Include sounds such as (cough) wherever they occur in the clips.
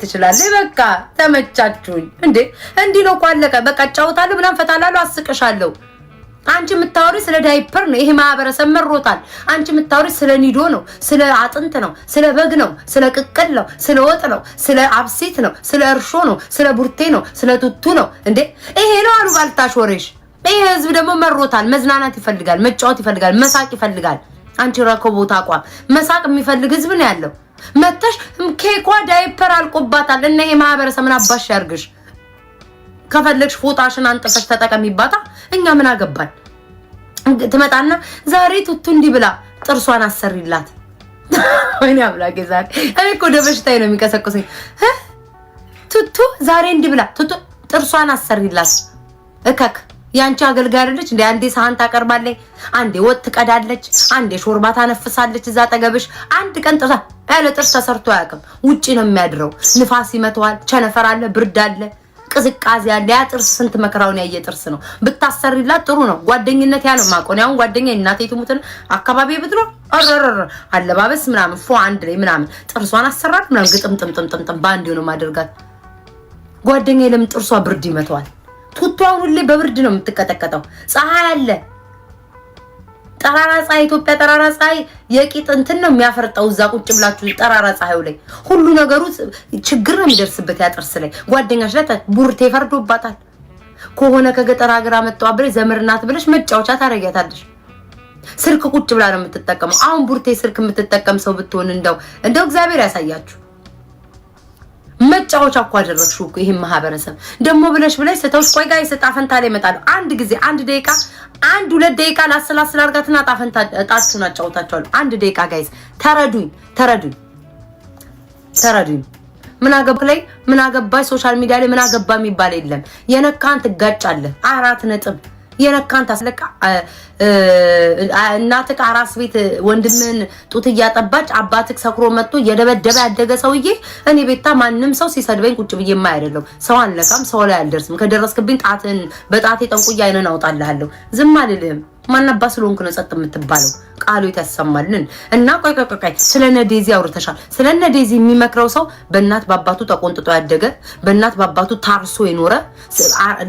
ትችላለህ። በቃ ተመቻችሁኝ እንዴ! እንዲህ ነው እኮ አለቀ። በቃ እጫወታለሁ ብላን ፈታላለሁ፣ አስቅሻለሁ። አንቺ የምታወሪ ስለ ዳይፐር ነው። ይሄ ማህበረሰብ መሮታል። አንቺ የምታወሪ ስለ ኒዶ ነው፣ ስለ አጥንት ነው፣ ስለ በግ ነው፣ ስለ ቅቅል ነው፣ ስለ ወጥ ነው፣ ስለ አብሲት ነው፣ ስለ እርሾ ነው፣ ስለ ቡርቴ ነው፣ ስለ ቱቱ ነው። እንዴ ይሄ ነው አሉ ባልታሽ ወሬሽ። ይሄ ህዝብ ደግሞ መሮታል። መዝናናት ይፈልጋል፣ መጫወት ይፈልጋል፣ መሳቅ ይፈልጋል። አንቺ ረከቦት አቋም መሳቅ የሚፈልግ ህዝብ ነው ያለው። መተሽ ኬኳ ዳይፐር አልቆባታል እና ይሄ ማህበረሰብ ምን አባሽ ያርግሽ? ከፈለግሽ ፎጣሽን አንጥፈሽ ተጠቀሚባታ። እኛ ምን አገባን? ትመጣና ዛሬ ቱቱ እንዲህ ብላ ጥርሷን አሰሪላት። (laughs) ወይኔ አምላኬ፣ ዛሬ እኔ እኮ ወደ በሽታዬ ነው የሚቀሰቅሰኝ። ቱቱ ዛሬ እንዲህ ብላ ቱቱ ጥርሷን አሰሪላት እከክ ያንቺ አገልጋይ አይደለች እንዴ? አንዴ ሳህን ታቀርባለች፣ አንዴ ወጥ ትቀዳለች፣ አንዴ ሾርባ ታነፍሳለች እዛ ጠገብሽ። አንድ ቀን ጥርሳ ያለ ጥርስ ተሰርቶ አያውቅም። ውጪ ነው የሚያድረው። ንፋስ ይመተዋል፣ ቸነፈር አለ፣ ብርድ አለ፣ ቅዝቃዜ አለ። ያ ጥርስ ስንት መከራውን ያየ ጥርስ ነው። ብታሰሪላት ጥሩ ነው። ጓደኝነት ያ ነው ማቆን። ያሁን ጓደኛ እናቴ ትሙትን አካባቢ ብድሮ ረረረ አለባበስ ምናምን ፎ አንድ ላይ ምናምን ጥርሷን አሰራር ምናምን ግጥም ጥም በአንድ ነው ማደርጋት ጓደኛ። ለምን ጥርሷ ብርድ ይመተዋል ቱቷን ሁሌ በብርድ ነው የምትቀጠቀጠው። ፀሐይ አለ ጠራራ ፀሐይ፣ ኢትዮጵያ ጠራራ ፀሐይ የቂጥ እንትን ነው የሚያፈርጠው። እዛ ቁጭ ብላችሁ ጠራራ ፀሐዩ ላይ ሁሉ ነገሩ ችግር ነው የሚደርስበት። ያጥርስ ላይ ጓደኛሽ ላይ ቡርቴ ፈርዶባታል ከሆነ ከገጠር ሀገር አመጣው አብሬ ዘመድ ብለሽ መጫወቻ ታደርጊያታለሽ። ስልክ ቁጭ ብላ ነው የምትጠቀመው። አሁን ቡርቴ ስልክ የምትጠቀም ሰው ብትሆን እንደው እንደው እግዚአብሔር ያሳያችሁ። መጫወቻ እኮ አደረግሽው እኮ ይሄን ማህበረሰብ ደግሞ ብለሽ ብለሽ ስተውሽ። ቆይ ጋር እጣ ፈንታ ላይ ይመጣሉ። አንድ ጊዜ አንድ ደቂቃ አንድ ሁለት ደቂቃ ላስላስል አድርጋትና ጣፈንታ ፈንታ እጣችሁን አንድ ደቂቃ ጋይስ፣ ተረዱኝ፣ ተረዱኝ፣ ተረዱኝ። ምን አገባ ላይ ምን አገባሽ ሶሻል ሚዲያ ላይ ምን አገባ የሚባል የለም። የነካን ትጋጫለህ። አራት ነጥብ የነካን ታስለቃ እናትህ አራስ ቤት ወንድምን ጡት እያጠባች አባትህ ሰክሮ መጥቶ የደበደበ ያደገ ሰውዬ እኔ ቤታ ማንም ሰው ሲሰድበኝ ቁጭ ብዬ ማ አይደለም። ሰው አልነካም፣ ሰው ላይ አልደርስም። ከደረስክብኝ ጣትን በጣቴ ጠንቁያ አይነን አውጣልሃለሁ። ዝም አልልህም። ማናባ ስለሆንክ ነው ጸጥ የምትባለው? ቃሉ የተሰማልን እና ቆይ ቆይ ቆይ፣ ስለነ ዴዚ አውርተሻል። ስለነ ዴዚ የሚመክረው ሰው በእናት በአባቱ ተቆንጥጦ ያደገ በእናት በአባቱ ታርሶ የኖረ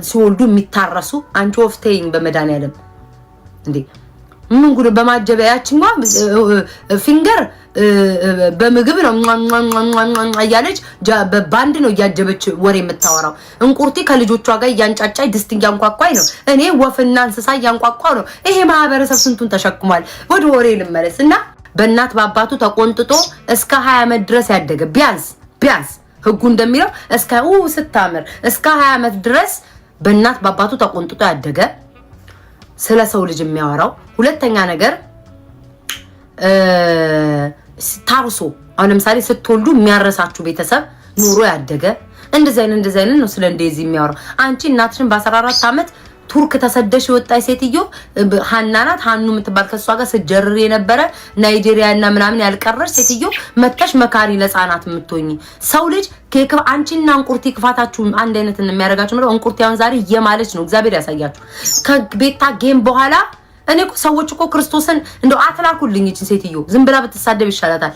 ሲወልዱ የሚታረሱ አንቺ ወፍቴይን በመድኃኒዓለም እንዴ ምን ጉድ በማጀበያችን ፊንገር በምግብ ነው እያለች በባንድ ነው እያጀበች ወሬ የምታወራው። እንቁርቲ ከልጆቿ ጋር እያንጫጫይ ድስት እያንቋቋይ ነው። እኔ ወፍና እንስሳ እያንቋቋ ነው። ይሄ ማህበረሰብ ስንቱን ተሸክሟል። ወደ ወሬ ልመለስ እና በእናት በአባቱ ተቆንጥጦ እስከ ሀያ ዓመት ድረስ ያደገ ቢያንስ ቢያንስ ህጉ እንደሚለው እስከ ስታምር እስከ ሀያ ዓመት ድረስ በእናት በአባቱ ተቆንጥጦ ያደገ ስለ ሰው ልጅ የሚያወራው። ሁለተኛ ነገር ታርሶ አሁን ለምሳሌ ስትወልዱ የሚያረሳችሁ ቤተሰብ ኑሮ ያደገ እንደዚህ አይነት እንደዚህ አይነት ነው ስለ እንደዚህ የሚያወራው። አንቺ እናትሽን በ14 ዓመት ቱርክ ተሰደሽ የወጣች ሴትዮ ሀና ናት። ሀኑ የምትባል ከሷ ጋር ስጀርር የነበረ ናይጄሪያ እና ምናምን ያልቀረች ሴትዮ መጥተሽ መካሪ ለህፃናት የምትሆኝ ሰው ልጅ አንቺና እንቁርቲ ክፋታችሁ አንድ አይነት የሚያደርጋችሁ ምለው እንቁርቲ አሁን ዛሬ የማለች ነው። እግዚአብሔር ያሳያችሁ። ከቤታ ጌም በኋላ እኔ ሰዎች እኮ ክርስቶስን እንደው አትላኩልኝ። ይችን ሴትዮ ዝም ብላ ብትሳደብ ይሻላታል።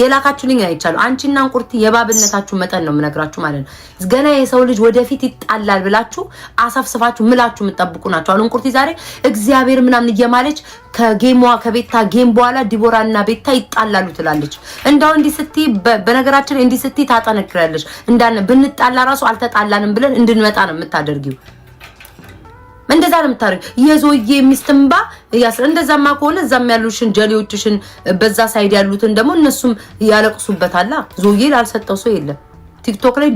የላካችሁልኝ አይቻሉ አንቺና እንቁርቲ የባብነታችሁ መጠን ነው የምነግራችሁ ማለት ነው። ገና የሰው ልጅ ወደፊት ይጣላል ብላችሁ አሳፍስፋችሁ ምላችሁ የምጠብቁ ናቸው። አሁን እንቁርቲ ዛሬ እግዚአብሔር ምናምን እየማለች ከጌሟ ከቤታ ጌም በኋላ ዲቦራና ቤታ ይጣላሉ ትላለች። እንዳው እንዲህ ስትይ በነገራችን እንዲህ ስትይ ታጠነክራለች። እንዳን ብንጣላ ራሱ አልተጣላንም ብለን እንድንመጣ ነው የምታደርጊው። እንደዛ ነው የምታደርጊው። የዞዬ ሚስትምባ ያስረ እንደዛማ ከሆነ እዛም ያሉሽን ጀሌዎችሽን በዛ ሳይድ ያሉትን ደግሞ እነሱም ያለቅሱበታላ። ዞዬ ላልሰጠው ሰው የለም። ቲክቶክ ላይ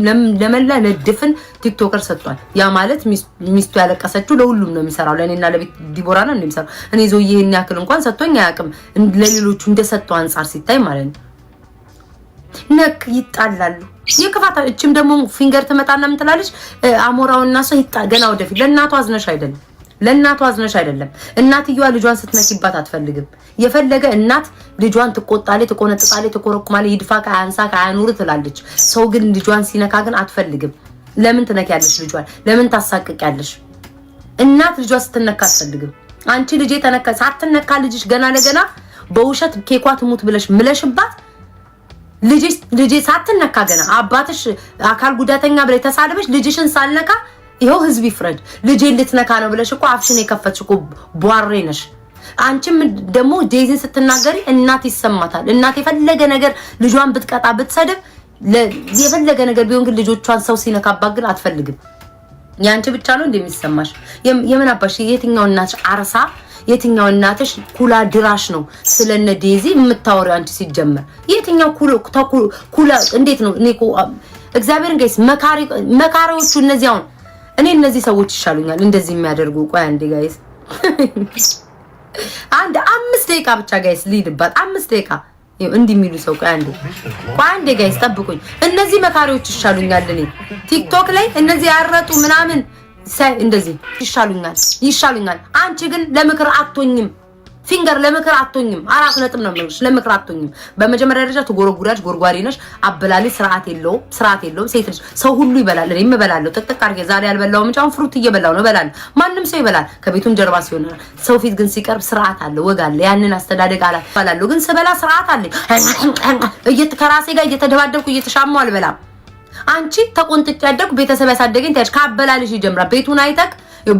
ለመላ ለድፍን ቲክቶከር ሰጥቷል። ያ ማለት ሚስቱ ያለቀሰችው ለሁሉም ነው የሚሰራው። ለእኔና ለቤት ዲቦራ ነው የሚሰራው። እኔ ዞዬ ይህን ያክል እንኳን ሰጥቶኝ አያውቅም። ለሌሎቹ እንደሰጠው አንጻር ሲታይ ማለት ነው ነክ ይጣላሉ የክፋት እችም ደግሞ ፊንገር ትመጣና ምን ትላለች? አሞራው እና ሰው ይጣ ገና ወደፊት ለእናቷ አዝነሽ አይደለም ለእናቷ አዝነሽ አይደለም። እናትየዋ ልጇን ስትነኪባት አትፈልግም። የፈለገ እናት ልጇን ትቆጣለች፣ ትቆነጥጣለች፣ ትኮረኩማለች። ይድፋ ከአያንሳ ከአያኑር ትላለች። ሰው ግን ልጇን ሲነካ ግን አትፈልግም። ለምን ትነኪያለሽ? ልጇን ለምን ታሳቅቂያለሽ? እናት ልጇ ስትነካ አትፈልግም። አንቺ ልጄ ተነካ ሳትነካ ልጅሽ ገና ለገና በውሸት ኬኳ ትሙት ብለሽ ምለሽባት ልጅ ሳትነካ ገና አባትሽ አካል ጉዳተኛ ብለ የተሳደበች ልጅሽን ሳልነካ ይኸው ህዝብ ይፍረድ። ልጄ ልትነካ ነው ብለሽ እኮ አፍሽን የከፈትሽ እኮ ቧሬ ነሽ። አንቺም ደግሞ ዴዚን ስትናገሪ እናት ይሰማታል። እናት የፈለገ ነገር ልጇን ብትቀጣ ብትሰድብ፣ የፈለገ ነገር ቢሆን ግን ልጆቿን ሰው ሲነካባት ግን አትፈልግም። የአንቺ ብቻ ነው እንደሚሰማሽ። የምን አባሽ የትኛው እናትሽ አርሳ የትኛው እናትሽ ኩላ ድራሽ ነው ስለነ ዴዚ የምታወሪው አንቺ? ሲጀመር የትኛው ኩላ እንዴት ነው? እኔ እግዚአብሔርን ጋይስ መካሪዎቹ እነዚህ አሁን እኔ እነዚህ ሰዎች ይሻሉኛል እንደዚህ የሚያደርጉ። ቆይ አንዴ ጋይስ አንድ አምስት ደቂቃ ብቻ ጋይስ ልሂድባት፣ አምስት ደቂቃ እንዲህ የሚሉ ሰው ቆይ አንዴ ቆይ አንዴ ጋይስ ጠብቁኝ። እነዚህ መካሪዎች ይሻሉኛል እኔ ቲክቶክ ላይ እነዚህ ያረጡ ምናምን ሳይ እንደዚህ ይሻሉኛል ይሻሉኛል። አንቺ ግን ለምክር አቶኝም ፊንገር ለምክር አቶኝም። አራት ነጥብ ነው የምልሽ። ለምክር አቶኝም። በመጀመሪያ ደረጃ ትጎረጉዳች፣ ጎርጓሪ ነሽ። አበላሊ ስርዓት የለውም፣ ስርዓት የለውም። ሴት ልጅ ሰው ሁሉ ይበላል። እኔም እበላለሁ። ጥቅጥቅ አድርጌ ዛሬ አልበላሁም እንጂ አሁን ፍሩት እየበላሁ ነው። እበላለሁ። ማንም ሰው ይበላል። ከቤቱም ጀርባ ሲሆን ሰው ፊት ግን ሲቀርብ ስርዓት አለ፣ ወግ አለ። ያንን አስተዳደግ አላ እበላለሁ፣ ግን ስበላ ስርዓት አለ። እየት ከራሴ ጋር እየተደባደብኩ እየተሻማው አልበላም። አንቺ ተቆንጥጭ ያደግኩ ቤተሰብ ያሳደገኝ ታያለሽ። ካበላልሽ ይጀምራል። ቤቱን አይተክ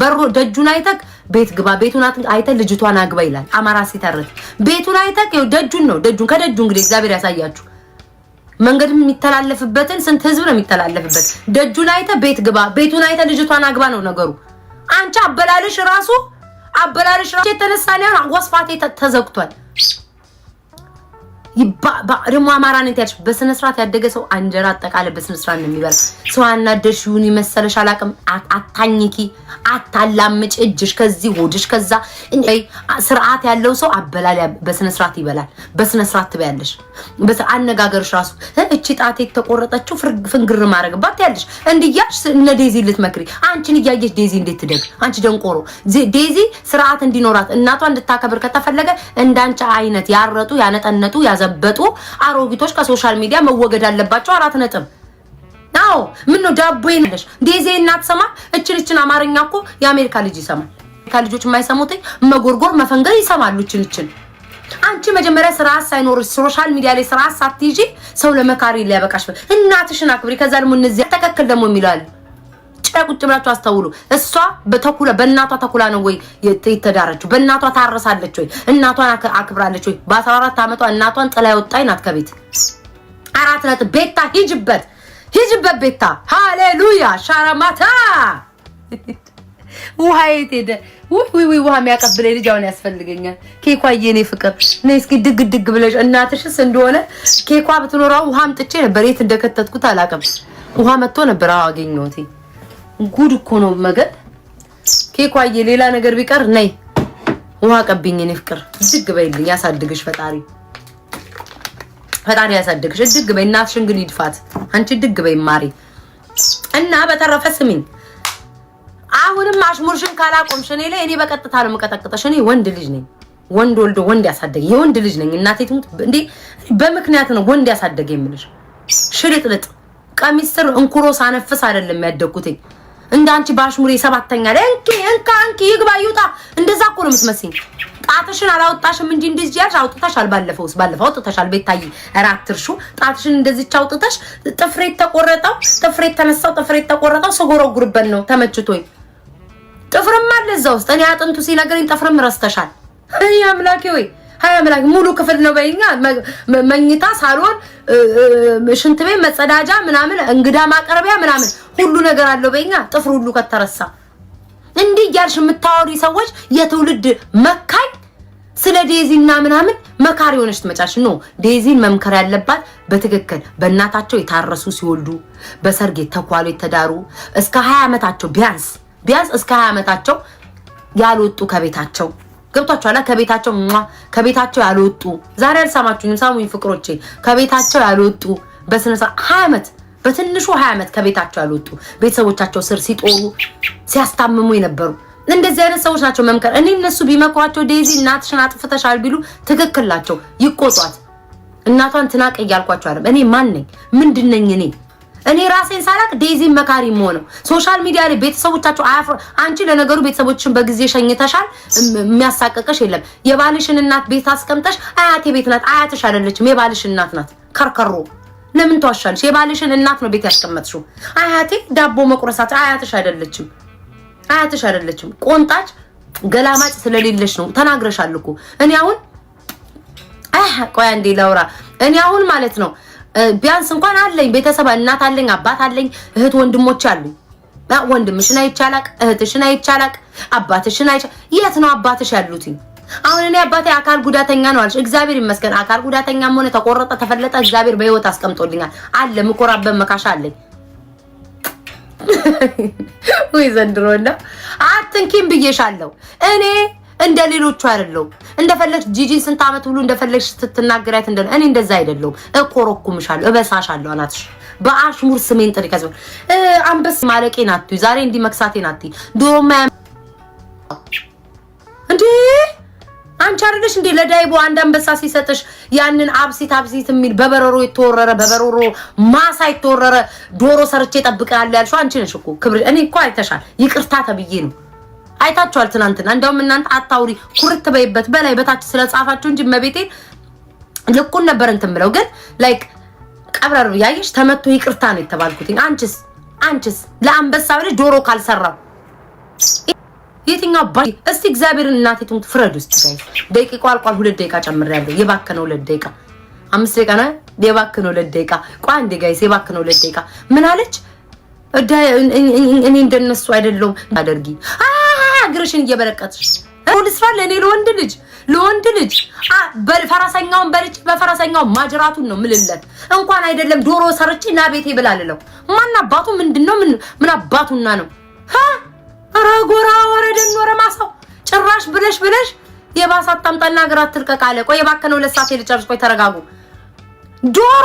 በሩ ደጁን አይተክ ቤት ግባ፣ ቤቱን አይተ ልጅቷን አግባ ይላል አማራ ሲተርት። ቤቱን አይተክ ደጁን ነው ደጁን ከደጁ እንግዲህ እግዚአብሔር ያሳያችሁ መንገድ የሚተላለፍበትን ስንት ህዝብ ነው የሚተላለፍበት። ደጁን አይተ ቤት ግባ፣ ቤቱን አይተ ልጅቷን አግባ ነው ነገሩ። አንቺ አበላልሽ ራሱ አበላልሽ ራሱ የተነሳ ነው። ወስፋቴ ተዘግቷል። ደግሞ አማራ ነት ያለሽ በስነ ስርዓት ያደገ ሰው አንጀራ አጠቃላይ በስነ ስርዓት ነው የሚበላ። ሰው አናደርሽውን የመሰለሽ አላቅም። አታኝኪ፣ አታላምጭ። እጅሽ ከዚህ ሆድሽ ከዛ። ስርዓት ያለው ሰው አበላል በስነ ስርዓት ይበላል። በስነ ስርዓት ትበያለሽ። አነጋገርሽ ራሱ እቺ ጣት የተቆረጠችው ፍንግር ማድረግባት ያለሽ እንድያሽ እነ ዴዚ ልትመክሪ አንቺን እያየሽ ዴዚ እንዴት ትደግ አንቺ ደንቆሮ። ዴዚ ስርዓት እንዲኖራት እናቷ እንድታከብር ከተፈለገ እንዳንቺ አይነት ያረጡ ያነጠነጡ ያዘ የሚገለበጡ አሮጊቶች ከሶሻል ሚዲያ መወገድ አለባቸው። አራት ነጥብ። አዎ ምን ነው ዳቦ ነሽ ዴዜ እናትሰማ እችልችን አማርኛ እኮ የአሜሪካ ልጅ ይሰማል። አሜሪካ ልጆች የማይሰሙት መጎርጎር መፈንገር ይሰማሉ። እችልችን አንቺ መጀመሪያ ስራ ሳይኖር ሶሻል ሚዲያ ላይ ስራ ሳትይዢ ሰው ለመካሪ ሊያበቃሽ እናትሽን አክብሪ። ከዛ ደግሞ እነዚያ ተከክል ደግሞ የሚለዋል ላይ ቁጭ ብላችሁ አስተውሉ። እሷ በተኩላ በእናቷ ተኩላ ነው ወይ የተዳረችው? በእናቷ ታረሳለች ወይ? እናቷን አክብራለች ወይ? በ14 ዓመቷ እናቷን ጥላ ወጣች ናት ከቤት አራት ነጥብ። ቤታ ሂጅበት፣ ሂጅበት ቤታ። ሃሌሉያ ሻራማታ (laughs) ውሃ የት ሄደ? ውይ ውሃ የሚያቀብለኝ ልጅ አሁን ያስፈልገኛል። ኬኳ የኔ ፍቅር ነይ እስኪ ድግ ድግ ብለሽ እናትሽስ እንደሆነ ኬኳ ብትኖራው ውሃ አምጥቼ ነበር። የት እንደከተትኩት አላውቅም። ውሃ መጥቶ ነበር አዎ አገኘሁት። ጉድ እኮ ነው መገብ ኬኳዬ፣ ሌላ ነገር ቢቀር ነይ ውሃ ቀብኝ። እኔ ፍቅር እድግ በይልኝ፣ ያሳድግሽ ፈጣሪ ፈጣሪ ያሳድግሽ። እድግ በይ፣ እናትሽን ግን ይድፋት። አንቺ እድግ በይ ማሪ። እና በተረፈ ስሚኝ፣ አሁንም አሽሙርሽን ካላቆምሽ እኔ ላይ እኔ በቀጥታ ነው የምቀጠቅጠሽ። እኔ ወንድ ልጅ ነኝ፣ ወንድ ወልዶ ወንድ ያሳደገ የወንድ ልጅ ነኝ። እናቴ ትሙት እንዴ፣ በምክንያት ነው ወንድ ያሳደገ የምልሽ። ሽልጥልጥ ቀሚስ ስር እንኩሮ ሳነፍስ አይደለም ያደግኩትኝ እንደ አንቺ ባሽሙሬ ሰባተኛ ላይ እንኪ እንካ እንኪ ይግባ ይውጣ። እንደዛ እኮ ነው የምትመስኝ። ጣትሽን አላወጣሽም እንጂ እንደዚህ ያልሽ አውጥተሻል። ባለፈውስ ባለፈው አውጥተሻል። ቤታይ እራት ትርሹ ጣትሽን እንደዚች አውጥተሽ ጥፍሬ ተቆረጠው፣ ጥፍሬ ተነሳው፣ ጥፍሬ ተቆረጠው ስጎረጉርበት ነው ተመችቶኝ። ጥፍርም አለ እዛ ውስጥ እኔ አጥንቱ ሲነገረኝ ጥፍርም ረስተሻል። እኔ አምላኬ ወይ ሀያ አምላኬ ሙሉ ክፍል ነው በይኛ መኝታ፣ ሳሎን፣ ሽንት ቤት፣ መጸዳጃ ምናምን እንግዳ ማቀረቢያ ምናምን ሁሉ ነገር አለው በኛ ጥፍር ሁሉ ከተረሳ እንዲህ እያልሽ የምታወሪ ሰዎች የትውልድ መካኝ ስለ ዴዚና ምናምን መካሪ የሆነች ትመጫለሽ። ነው። ዴዚን መምከር ያለባት በትክክል በእናታቸው የታረሱ ሲወልዱ በሰርግ የተኳሉ የተዳሩ እስከ ሀያ ዓመታቸው ቢያንስ ቢያንስ እስከ ሀያ ዓመታቸው ያልወጡ ከቤታቸው ገብቷችኋላ። ከቤታቸው ከቤታቸው ያልወጡ ዛሬ አልሰማችሁኝም? ሳሙኝ ፍቅሮቼ ከቤታቸው ያልወጡ በስነ ስርዓት ሀያ ዓመት በትንሹ ሀያ ዓመት ከቤታቸው ያልወጡ ቤተሰቦቻቸው ስር ሲጦሩ ሲያስታምሙ የነበሩ እንደዚህ አይነት ሰዎች ናቸው መምከር። እኔ እነሱ ቢመክሯቸው ዴዚ እናትሽን አጥፍተሻል ቢሉ ትክክል ናቸው፣ ይቆጧት። እናቷን ትናቀ እያልኳቸው አለም። እኔ ማን ነኝ? ምንድን ነኝ? እኔ እኔ ራሴን ሳላቅ ዴዚ መካሪ መሆነው ሶሻል ሚዲያ ላይ ቤተሰቦቻቸው አያፍ አንቺ ለነገሩ ቤተሰቦችን በጊዜ ሸኝተሻል፣ የሚያሳቀቀሽ የለም። የባልሽን እናት ቤት አስቀምጠሽ አያቴ ቤት ናት፣ አያትሽ አይደለችም፣ የባልሽ እናት ናት። ከርከሮ ለምን ተዋሻለሽ? የባልሽን እናት ነው ቤት ያስቀመጥሽው። አያቴ ዳቦ መቁረሳት አያትሽ አይደለችም፣ አያትሽ አይደለችም። ቆንጣጭ ገላማጭ ስለሌለሽ ነው። ተናግረሻል እኮ እኔ አሁን አህ ቆይ አንዴ ላውራ። እኔ አሁን ማለት ነው ቢያንስ እንኳን አለኝ ቤተሰብ፣ እናት አለኝ፣ አባት አለኝ፣ እህት ወንድሞች አሉኝ። ወንድምሽን አይቻላቅ፣ እህትሽን አይቻላቅ፣ አባትሽን አይቻ የት ነው አባትሽ ያሉትኝ አሁን እኔ አባቴ አካል ጉዳተኛ ነው አልሽ። እግዚአብሔር ይመስገን አካል ጉዳተኛም ሆነ ተቆረጠ ተፈለጠ እግዚአብሔር በህይወት አስቀምጦልኛል። አለ ምኮራበት መካሻ አለኝ። ወይ (laughs) ዘንድሮና አትንኪም ብዬሻለሁ እኔ እንደ ሌሎቹ አይደለሁም። እንደፈለግሽ ጂጂን ስንት ዓመት ብሎ እንደፈለግሽ ስትናገሪያት እንደ እኔ እንደዛ አይደለሁም። እኮረኩምሻለሁ፣ እበሳሻለሁ፣ አናትሽ በአሽሙር ስሜን ጥሪ ከዚህ አንበስ ማለቄ ናት። ዛሬ እንዲህ መክሳቴ ናት። ዶሮማ እንዴ አንቺ አረገሽ እንዴ ለዳይቦ አንድ አንበሳ ሲሰጥሽ ያንን አብሲት አብሲት የሚል በበረሮ የተወረረ በበረሮ ማሳ የተወረረ ዶሮ ሰርቼ እጠብቅሃለሁ ያልሽው አንቺ ነሽ እኮ ክብር። እኔ እኮ አይተሻል፣ ይቅርታ ተብዬ ነው። አይታችኋል ትናንትና። እንደውም እናንተ አታውሪ ኩርት በይበት በላይ በታች ስለጻፋችሁ እንጂ መቤቴ ልኩን ነበር እንትን ብለው ግን ላይክ ቀብረር ያየሽ ተመቶ ይቅርታ ነው የተባልኩትኝ። አንቺስ አንቺስ ለአንበሳ ብለሽ ዶሮ ካልሰራው የትኛው ባ እስቲ እግዚአብሔርን እናቴቱን ፍረድ ውስጥ ጋይ ደቂቃ አልቋል። ሁለት ደቂቃ ጨምሬያለሁ። የባከነው ሁለት ደቂቃ አምስት ደቂቃ ነው የባከነው ሁለት ደቂቃ። ቋ እንዴ ጋይስ የባከነው ሁለት ደቂቃ ምን አለች? እኔ እንደነሱ አይደለሁም። አደርጊ እግርሽን እየበረቀትሽ ሁሉ ስራ ለእኔ ለወንድ ልጅ ለወንድ ልጅ ፈረሰኛውን በልጭ በፈረሰኛው ማጅራቱን ነው ምልለት። እንኳን አይደለም ዶሮ ሰርቼ ና ቤቴ ብላልለው ማን አባቱ ምንድነው? ምን አባቱና ነው ኧረ ጎራ ወረደ ኖረ ማሳው ጭራሽ ብለሽ ብለሽ የባሰ አታምጣና ሀገር አትልቀቅ አለ። ቆይ የባከነ ሁለት ሰዓት ልጨርስ። ቆይ ተረጋጉ። ዶሮ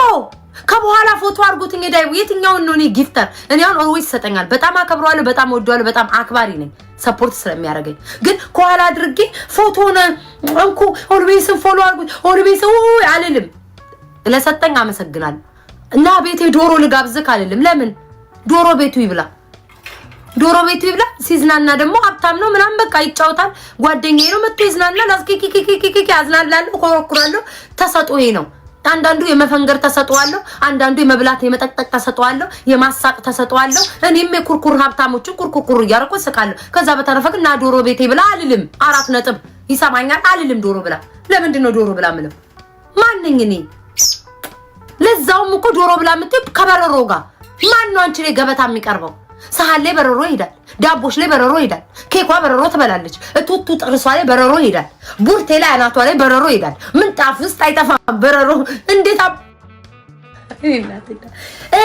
ከበኋላ ፎቶ አድርጉት። እንግዲህ ዳይ የትኛውን ነው እኔ ጊፍተር እኔ አሁን ኦልዌይስ ይሰጠኛል። በጣም አከብረዋለሁ፣ በጣም ወደዋለሁ፣ በጣም አክባሪ ነኝ። ሰፖርት ስለሚያደርገኝ ግን ከኋላ አድርጌ ፎቶ ነው እንኩ ኦልዌይስን ፎሎ አድርጉት ኦልዌይስ አልልም። ለሰጠኝ አመሰግናለሁ እና ቤቴ ዶሮ ልጋብዝክ አልልም። ለምን ዶሮ ቤቱ ይብላ ዶሮ ቤቱ ይብላ። ሲዝናና ደግሞ ሀብታም ነው ምናምን በቃ ይጫወታል። ጓደኛዬ ነው መጥቶ ይዝናናል። አዝኪኪኪኪኪ አዝናላለሁ፣ ኮረኩራለሁ። ይሄ ነው። አንዳንዱ የመፈንገር ተሰጥዋለሁ፣ አንዳንዱ የመብላት የመጠቅጠቅ ተሰጥዋለሁ፣ የማሳቅ ተሰጥዋለሁ። እኔም የኩርኩር ሀብታሞችን ኩርኩርኩር እያደረኩ እስቃለሁ። ከዛ በተረፈ ግን ና ዶሮ ቤቴ ብላ አልልም። አራት ነጥብ ይሰማኛል። አልልም ዶሮ ብላ። ለምንድን ነው ዶሮ ብላ ምለው? ማንኝ እኔ ለዛውም እኮ ዶሮ ብላ የምትይው ከበረሮ ጋር ማን ነው አንቺ ላይ ገበታ የሚቀርበው? ሰሃን ላይ በረሮ ይሄዳል። ዳቦች ላይ በረሮ ይሄዳል። ኬኳ በረሮ ትበላለች። እቱቱ ጥርሷ ላይ በረሮ ይሄዳል። ቡርቴ ላይ አናቷ ላይ በረሮ ይሄዳል። ምንጣፍ ውስጥ አይጠፋም በረሮ። እንዴት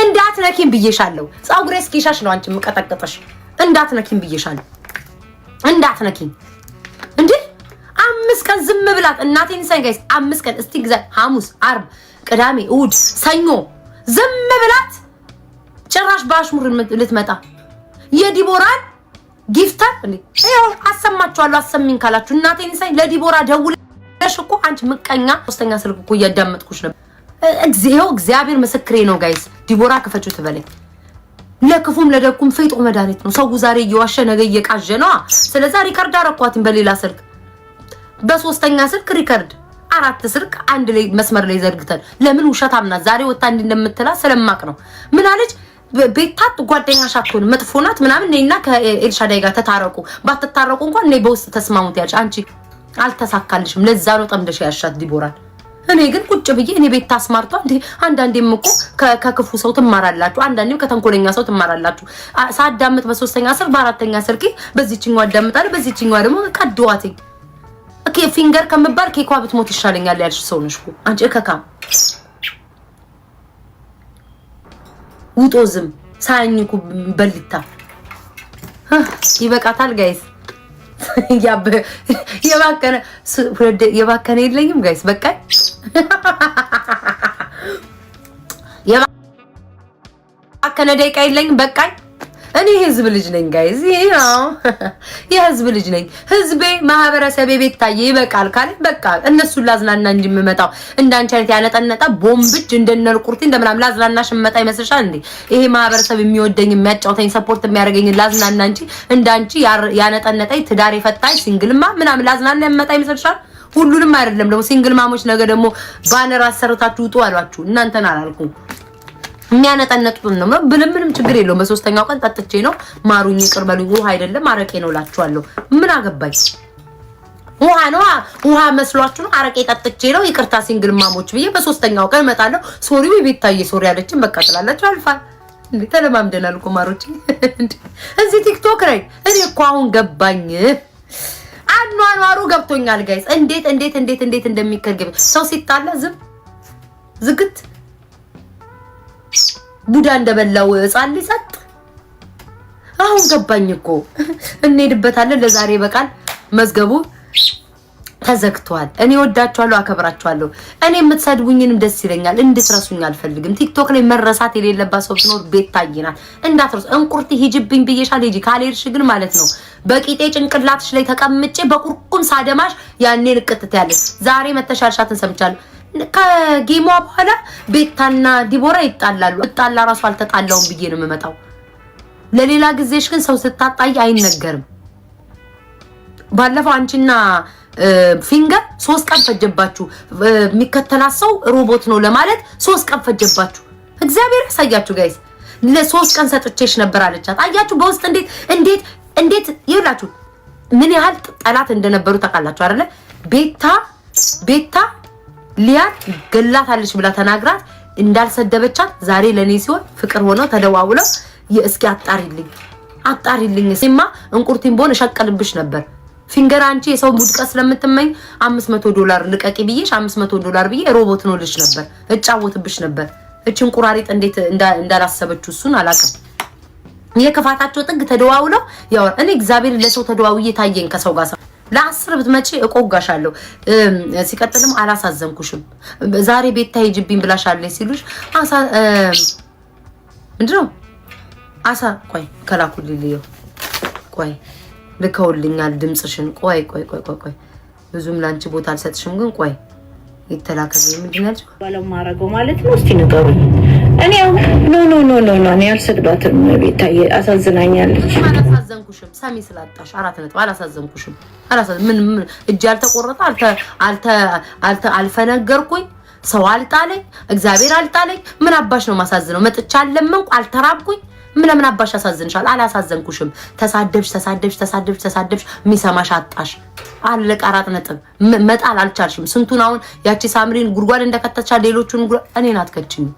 እንዳት ነኪን ብዬሻለሁ። ፀጉሬ እስኪሻሽ ነው አንቺ የምቀጠቅጥሽ። እንዳት ነኪን ብዬሻለሁ። እንዳት ነኪን እንዴ! አምስት ቀን ዝም ብላት እናቴን ሳይጋይስ አምስት ቀን እስቲ ግዛ ሐሙስ፣ አርብ፣ ቅዳሜ፣ እሑድ፣ ሰኞ ዝም ብላት ጭራሽ በአሽሙር ልትመጣ የዲቦራን ጊፍተር ይኸው አሰማችኋለሁ። አሰሚኝ ካላችሁ እናቴን ሳይ ለዲቦራ ደውለሽ እኮ አንቺ ምቀኛ፣ ሶስተኛ ስልክ እኮ እያዳመጥኩሽ ነበር። እግዚአብሔር እግዚአብሔር ምስክሬ ነው ጋይስ። ዲቦራ ክፈችው ትበለኝ። ለክፉም ለደጉም ፌጦ መድኃኒት ነው። ሰው ዛሬ እየዋሸ ነገ እየቃዠ ነው። ስለዛ ሪከርድ አረኳትን በሌላ ስልክ፣ በሶስተኛ ስልክ ሪከርድ አራት ስልክ አንድ ላይ መስመር ላይ ዘርግተን ለምን ውሸታም ናት ዛሬ ወጣ እንደምትላ ስለማቅ ነው። ምን አለች? ቤታት ጓደኛሽ አትሆንም፣ መጥፎ ናት ምናምን። እኔና ከኤልሻዳይ ጋር ተታረቁ። ባትታረቁ እንኳን እኔ በውስጥ ተስማሙት ያልሽ አንቺ አልተሳካልሽም። ለዛ ነው ጠምደሽ ያሻት ዲቦራል። እኔ ግን ቁጭ ብዬ እኔ ቤት አስማርቷ እንዴ። አንዳንዴም እኮ ከክፉ ሰው ትማራላችሁ፣ አንዳንዴም ከተንኮለኛ ሰው ትማራላችሁ። ሳዳምጥ በሶስተኛ ስር በአራተኛ ስር በዚችኛው አዳምጣለሁ፣ በዚችኛው ደግሞ ቀድዋትኝ ኦኬ ፊንገር ከምባል ኬኳ ብትሞት ይሻለኛል ያልሽ ሰው ነሽ እኮ አንቺ እከካም ውጦ ዝም ሳያኝኩ በልታ ይበቃታል ጋይስ። (laughs) የባከነ የለኝም ጋይስ፣ በቃኝ። (laughs) የባከነ ደቂቃ የለኝም በቃኝ። እኔ ህዝብ ልጅ ነኝ ጋይዝ፣ (laughs) የህዝብ ልጅ ነኝ። ህዝቤ ማህበረሰቤ ቤት ታየ ይበቃል ካለ በቃ እነሱን ላዝናና እንጂ የምመጣው እንዳንቺ አይነት ያነጠነጣ ቦምብጅ እንደነል ቁርቲ እንደምናም ላዝናናሽ የምመጣ ይመስልሻል እንዴ? ይሄ ማህበረሰብ የሚወደኝ የሚያጫውተኝ፣ ሰፖርት የሚያደርገኝ ላዝናና እንጂ እንዳንቺ ያነጠነጠኝ ትዳር የፈታኝ ሲንግልማ ምናምን ላዝናና የምመጣ ይመስልሻል? ሁሉንም አይደለም ደግሞ ሲንግል ማሞች ነገ ደግሞ ባነር አሰርታችሁ ውጡ አሏችሁ። እናንተን አላልኩም የሚያነጠነጡን ነው። ብልም ምንም ችግር የለውም። በሶስተኛው ቀን ጠጥቼ ነው ማሩኝ፣ ይቅር በሉኝ፣ ውሃ አይደለም አረቄ ነው እላችኋለሁ። ምን አገባኝ? ውሃ ነው ውሃ መስሏችሁ ነው? አረቄ ጠጥቼ ነው ይቅርታ፣ ሲንግል ማሞች ብዬ በሶስተኛው ቀን እመጣለሁ። ሶሪው ቤታዬ ሶሪ አለችን፣ በቃ ትላላችሁ አልፋል። እንዴ ተለማምደናል እኮ ማሮች፣ እዚህ ቲክቶክ ላይ እኔ እኮ አሁን ገባኝ አኗኗሩ ገብቶኛል ጋይስ። እንዴት እንዴት እንዴት እንዴት እንደሚከርገብ ሰው ሲጣላ ዝም ዝግት ቡዳ እንደበላው ህፃን ሊሰጥ አሁን ገባኝ እኮ እንሄድበታለን። ለዛሬ በቃል መዝገቡ ተዘግቷል። እኔ ወዳችኋለሁ፣ አከብራችኋለሁ። እኔ የምትሰድቡኝንም ደስ ይለኛል። እንድትረሱኝ አልፈልግም። ቲክቶክ ላይ መረሳት የሌለባት ሰው ሲኖር ቤት ታይናል። እንዳትረሱ። እንቁርት ሂጅብኝ ብዬሻል። ሂጂ ካልሄድሽ ግን ማለት ነው በቂጤ ጭንቅላትሽ ላይ ተቀምጬ በቁርቁም ሳደማሽ ያኔ ንቅትት ያለሽ ዛሬ መተሻሻትን ሰምቻለሁ። ከጌሟ በኋላ ቤታና ዲቦራ ይጣላሉ። እጣላ ራሱ አልተጣላውም ብዬ ነው የምመጣው። ለሌላ ጊዜሽ ግን ሰው ስታጣይ አይነገርም። ባለፈው አንቺና ፊንገር ሶስት ቀን ፈጀባችሁ። የሚከተላት ሰው ሮቦት ነው ለማለት ሶስት ቀን ፈጀባችሁ። እግዚአብሔር ያሳያችሁ ጋይስ። ለሶስት ቀን ሰጥቼሽ ነበር አለቻት። አያችሁ በውስጥ እንዴት እንዴት እንዴት ይላችሁ ምን ያህል ጠላት እንደነበሩ ታውቃላችሁ አይደለ? ቤታ ቤታ ሊያን ገላታለች ብላ ተናግራት እንዳልሰደበቻት ዛሬ ለእኔ ሲሆን ፍቅር ሆነው ተደዋውለው እስኪ አጣሪልኝ አጣሪልኝ ሲማ እንቁርቲን በሆን እሸቀልብሽ ነበር ፊንገር አንቺ የሰው ውድቀት ስለምትመኝ 500 ዶላር ልቀቂ ብዬሽ 500 ዶላር ብዬ ሮቦት ነው ልሽ ነበር እጫወትብሽ ነበር። እቺ እንቁራሪት እንዴት እንዳላሰበችው እሱን አላውቅም። የክፋታቸው ጥግ ተደዋውለው ያው እኔ እግዚአብሔር ለሰው ተደዋውዬ ታየኝ ከሰው ጋር ለአስር ብትመጪ እቆጋሻለሁ። ሲቀጥልም አላሳዘንኩሽም። ዛሬ ቤት ታይጅብኝ ብላሻለች ሲሉሽ አሳ ምንድን አሳ ቆይ ከላኩልልየው ቆይ ልከውልኛል ድምፅሽን ቆይ ቆይ ቆይ ቆይ ቆይ ብዙም ለአንቺ ቦታ አልሰጥሽም ግን ቆይ ይተላከል ምንድን ያልሽው ባለው ማድረገው ማለት ነው። እስቲ ንገሩኝ እኔ ኖ ኖ ኖ ኖ ኖ እኔ አልሰድባትም። ቤታዬ አሳዝናኛለች። አላሳዘንኩሽም፣ ሰሚ ስላጣሽ አራት ነጥብ። አላሳዘንኩሽም። ምን እጅ አልተቆረጠ አልፈነገርኩኝ፣ ሰው አልጣለኝ፣ እግዚአብሔር አልጣለኝ። ምን አባሽ ነው ማሳዝነው? መጥቻ አለመንኩ፣ አልተራብኩኝ። ምን ለምን አባሽ ያሳዝንሻል? አላሳዘንኩሽም። ተሳደብሽ፣ ተሳደብሽ፣ ተሳደብሽ፣ ተሳደብሽ፣ የሚሰማሽ አጣሽ። አለቀ። አራት ነጥብ። መጣል አልቻልሽም። ስንቱን አሁን ያቺ ሳምሪን ጉድጓድ እንደከተቻ ሌሎቹን ጉድጓድ እኔን አትከችኝም።